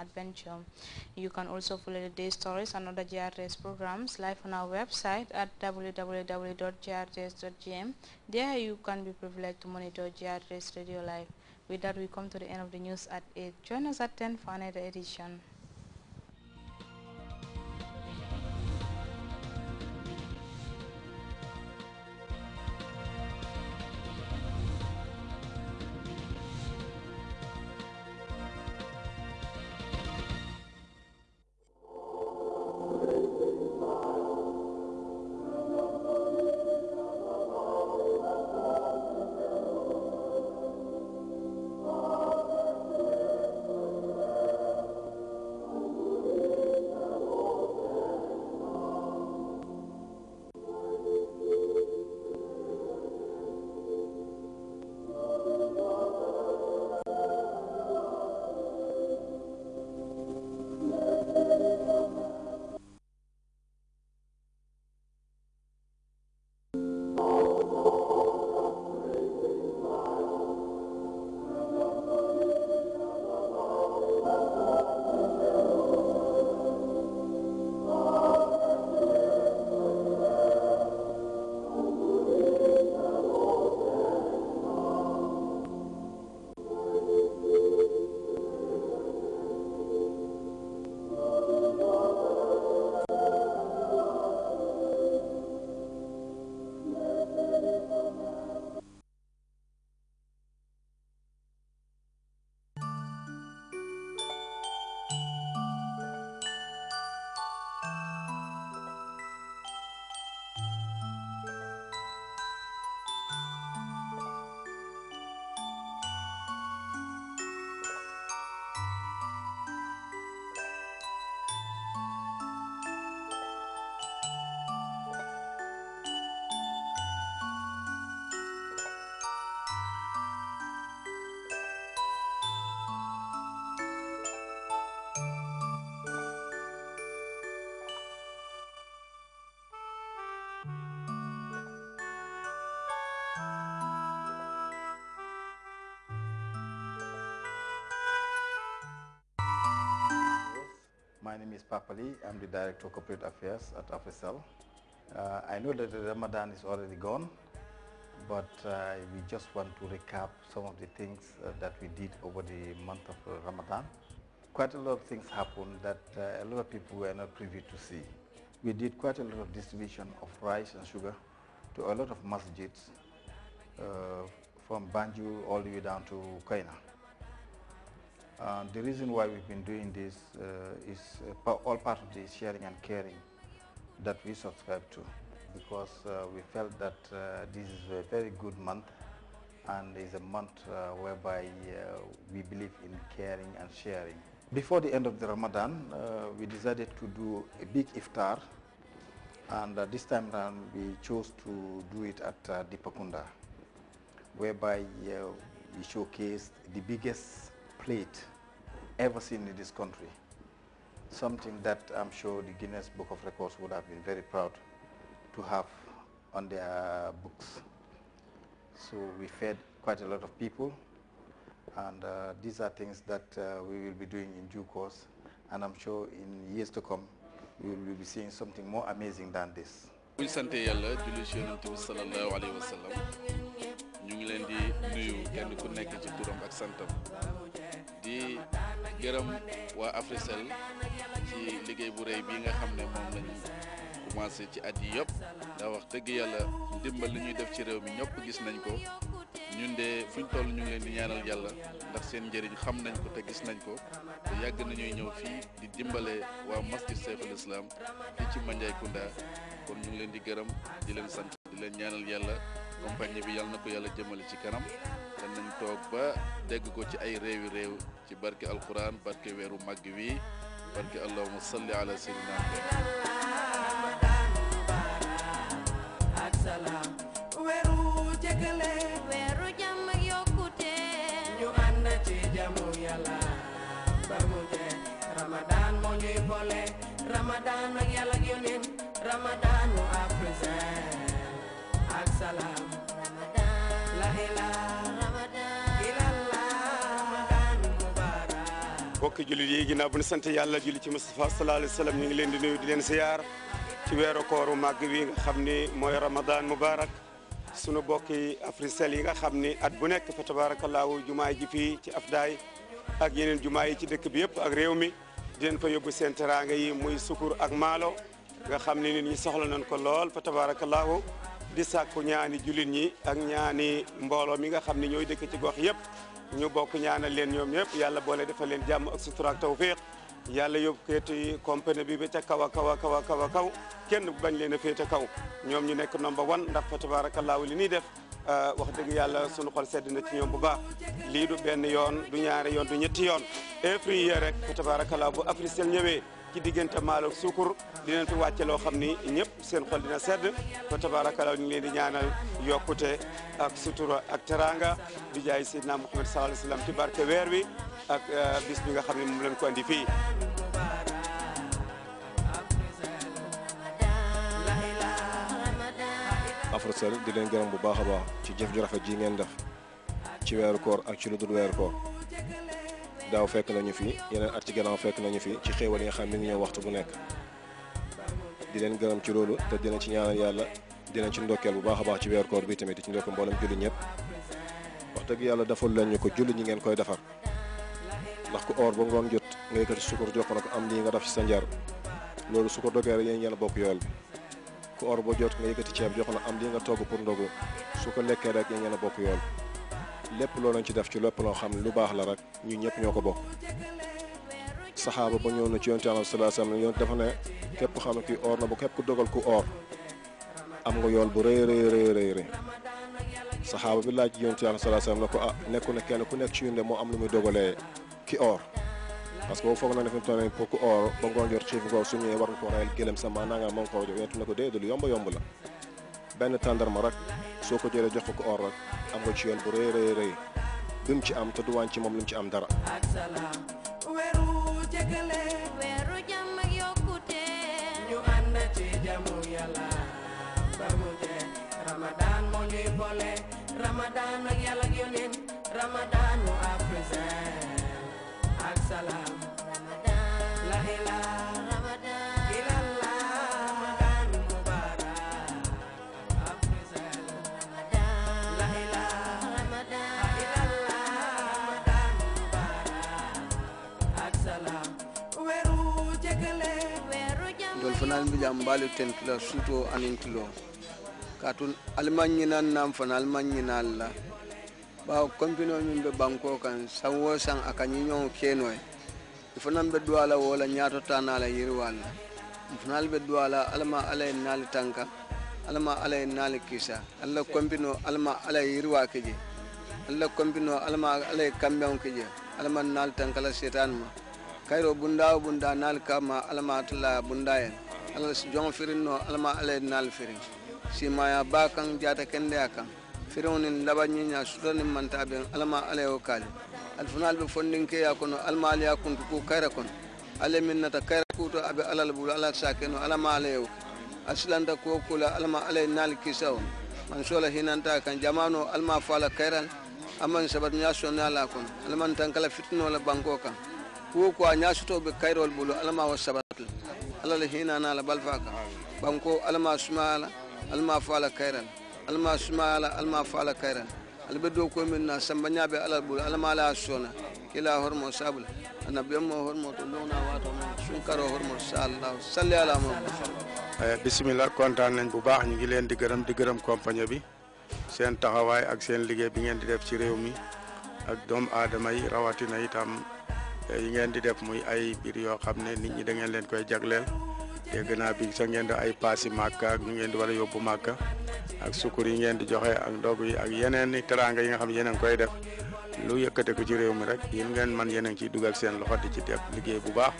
adventure. You can also follow the day stories and other GRS programs live on our website at www.grds.gm. There you can be privileged to monitor GRS Radio Live. With that, we come to the end of the news at 8. Join us at 10 for another edition. my name is Papali. I'm the Director of Corporate Affairs at FSL. Uh, I know that Ramadan is already gone, but uh, we just want to recap some of the things uh, that we did over the month of Ramadan. Quite a lot of things happened that uh, a lot of people were not privy to see. We did quite a lot of distribution of rice and sugar to a lot of masjids uh, from Banjul all the way down to Koina. Uh, the reason why we've been doing this uh, is uh, all part of the sharing and caring that we subscribe to because uh, we felt that uh, this is a very good month and is a month uh, whereby we believe in caring and sharing. Before the end of the Ramadan, we decided to do a big iftar and this time around we chose to do it at uh, Dipakunda whereby we showcased the biggest plate ever seen in this country. Something that I'm sure the Guinness Book of Records would have been very proud to have on their books. So we fed quite a lot of people and uh, these are things that uh, we will be doing in due course and I'm sure in years to come we will be seeing something more amazing than this. gërëm waa Africell ci liggéey bu rëy bii nga xam ne moom nañu commencé ci at yi yëpp ndax wax tëgg yàlla ndimbal li ñuy def ci réew mi ñëpp gis nañ ko ñun de fuñ toll ñu ngi leen di ñaanal yàlla ndax seen njëriñ xam nañ ko te gis nañ ko te yàgg nañuy ñëw fii di dimbale waa masjid Seyful Islam fii ci Mandiaye Kounda kon ñu leen di gërëm di leen sant di leen ñaanal yàlla compagnie bi yàlla na ko yàlla jëmale ci kanam te toog ba dégg ko ci ay réewi réew ci barke alquran barke weeru màgg wi barke allahuma salli ala sayyidina ak salaam weeru jégale weeru jàmm ak yokkute ñu ànd ci jamu yàlla ba mu jeex ramadan moo ñuy boole ramadan ak yàlla ak yonin ramadan mu à présent ak salaam ramadan la ilaha mbokki jullit yi ginnaaw bu ñu sant yàlla julli ci Moustapha sallallahu alayhi wa sallam ñu leen di nuyu di leen siyaar ci weeru kooru màgg wi nga xam ni mooy Ramadan Mubarak sunu bokki Africell yi nga xam ni at bu nekk fa tabaarakallaahu jumaay ji fii ci Afdaay ak yeneen jumaa yi ci dëkk bi yëpp ak réew mi di leen fa yóbbu seen teraanga yi muy sukur ak maalo nga xam ni nit ñi soxla nañ ko lool fa tabaarakallaahu di sàkku ñaani jullit ñi ak ñaani mbooloo mi nga xam ni ñooy dëkk ci gox yëpp ñu bokk ñaana leen ñoom yëpp yàlla boole defal leen jàmm ak sutura ak tawfiq yàlla yóbbu keeti compagnie bi ba ca kaw a kaw a kaw a kaw a kaw kenn bañ leen a féete kaw ñoom ñu nekk number one ndax fa tabaarakallaahu li ñuy def euh, wax dëgg yàlla sunu xol sedd na ci ñoom bu baax li du benn yoon du ñaari yoon du ñetti yoon every year rek fa tabaarakallaahu bu Africell ñëwee ci diggante maalo sukur dinañ fi wàcce loo xam ni ñëpp seen xol dina sedd fa tabaarakalaw ñu ngi di ñaanal yokkute ak sutura ak teranga di jaay Seydina Muhammad sallallahu alayhi weer wi ak euh, bis bi nga xam ne moom leen ko andi fii Africell di leen gërëm bu baax a baax ci jëf ju rafet ji ngeen def ci weeru koor ak ci lu dul koor daaw fekk nañu fi yeneen at ci gannaaw fekk nañu fi ci xéewal yi nga xam ne ngi ñëw waxtu bu nekk di leen gërëm ci loolu te dinañ ci ñaanal yàlla dinañ ci ndokkeel bu baax baax ci weer koor bi tamit di ci ndokk mboolem julli ñëpp wax dëgg yàlla defal leen ñu ko julli ñi ngeen koy defar ndax ku or ba ngoon jot nga yëkkati ko jox ko am lii nga def ci sa njar loolu su ko dogee rek yéen ñeen bokk yool bi ku or ba jot nga yëkkati ceeb jox ko am lii nga togg pour ndogu su ko lekkee rek yéen ñeen bokk yool lépp loolu lañ ci def ci lépp loo xam ne lu baax la rek ñu ñëpp ñoo ko bokk saxaaba ba ñëw na ci yonent Yàlla sallallahu alayhi wasallam yoon dafa ne képp xam ne kii or na képp ku dogal ku or am nga yoon bu rëy rëy rëy rëy rëy bi laaj yonent Yàlla sallallahu alayhi wasallam ko ah nekku ne kenn ku nekk ci yunde moo am lu muy dogalee ki or parce que boobu foog na ne fi mu toll nii pour ku or ba ngoon jot suuf ngoor su ñëwee war nga ko rayal gëlëm sama nangam moo ngi ko jox yonent ne ko dee lu yomb yomb la benn tàndarma rek soo ko jëlee jox ko ko or am nga ci yoon bu rëy rëy rëy mu ci am te ci moom li ci am dara. Ramadan ak yàlla ak yoneen Ramadan mu ak salaam jam mbaalu tentula suto aniŋ tiloo kaatu alimaŋ ɲinaŋ naŋ fana alimaŋ ɲinaŋ la be bankoo kaŋ saŋ wo saŋ a ka ɲiɲɔŋo keenoo ye i fanaŋ be do a la wo la ɲaato taa be do a la alama ala tanka alama ala ye naali kisa alla kompino alama ala ye yiriwaa ke je alla kompino alama ala ye kambeŋo ke je tanka la setaani ma kayiro bundaa wo bundaa naali ka ma alama yen ala joŋo alama ala ma ala ye naalu firin kan baa kaŋ jaata kendeya kaŋ firiŋo niŋ laba ñiña suta niŋ manta beŋ ala ma ala yo kaali ali fana ali be fondinkeya kono ala ala ye ku kayira kono ala min nata kayira kuto abe ala le ala sa keno ala ma ala yewo asilanta kula ala ala ye naali kisawo manso hinanta kaŋ jamano ala ma fo ala kayira amaŋ sabatiña sonna la kono ala maŋ tankala la banko kaŋ ko a ñasito be kayirol bulu ala ma ala le hina na la balfa ka banko alma sumala alma fala kairan alma sumala alma fala kairan albe do ko min na samba nyabe ala bul alma la sona kila hormo sabula annabi mo hormo to dona wato mo sun karo hormo sallallahu salli ala muhammad bismillah kontaan nañ bu baax ñu ngi leen di gërëm di gërëm compagnie bi seen taxawaay ak seen liggéey bi ngeen di def ci réew mi ak doomu aadama yi rawatina itam yi ngeen di def muy ay bir yoo xam ne nit ñi da ngeen leen koy jagleel dégg naa bi sa ngeen di ay paasi màkka ak ñu ngeen di war a yóbbu màkka ak sukkur yi ngeen di joxe ak ndog yi ak yeneen teranga yi nga xam ne yeneen koy def lu yëkkate ko ci réew mi rek yéen ngeen man yeneen ciy dugal seen loxo di ci def liggéey bu baax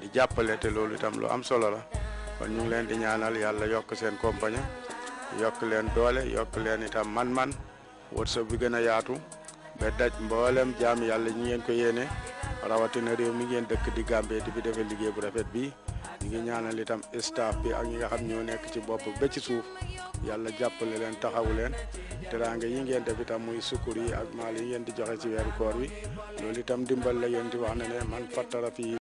di jàppale te loolu itam lu am solo la kon ñu ngi leen di ñaanal yàlla yokk seen compagnie yokk leen doole yokk leen itam man-man wërsëg bi gën a yaatu ba daj mboolem jaam yàlla ñi ngeen ko yéene rawatina réew mi ngeen dëkk di Gambie di fi defee liggéey bu rafet bi ñu ngi ñaanal itam staff bi ak ñi nga xam ñoo nekk ci bopp ba ci suuf yàlla le leen taxaw leen teraanga yi ngeen def itam muy sukkur yi ak maal yi ngeen di joxe ci weeru koor wi loolu itam dimbal la yéen di wax na ne man fattara fii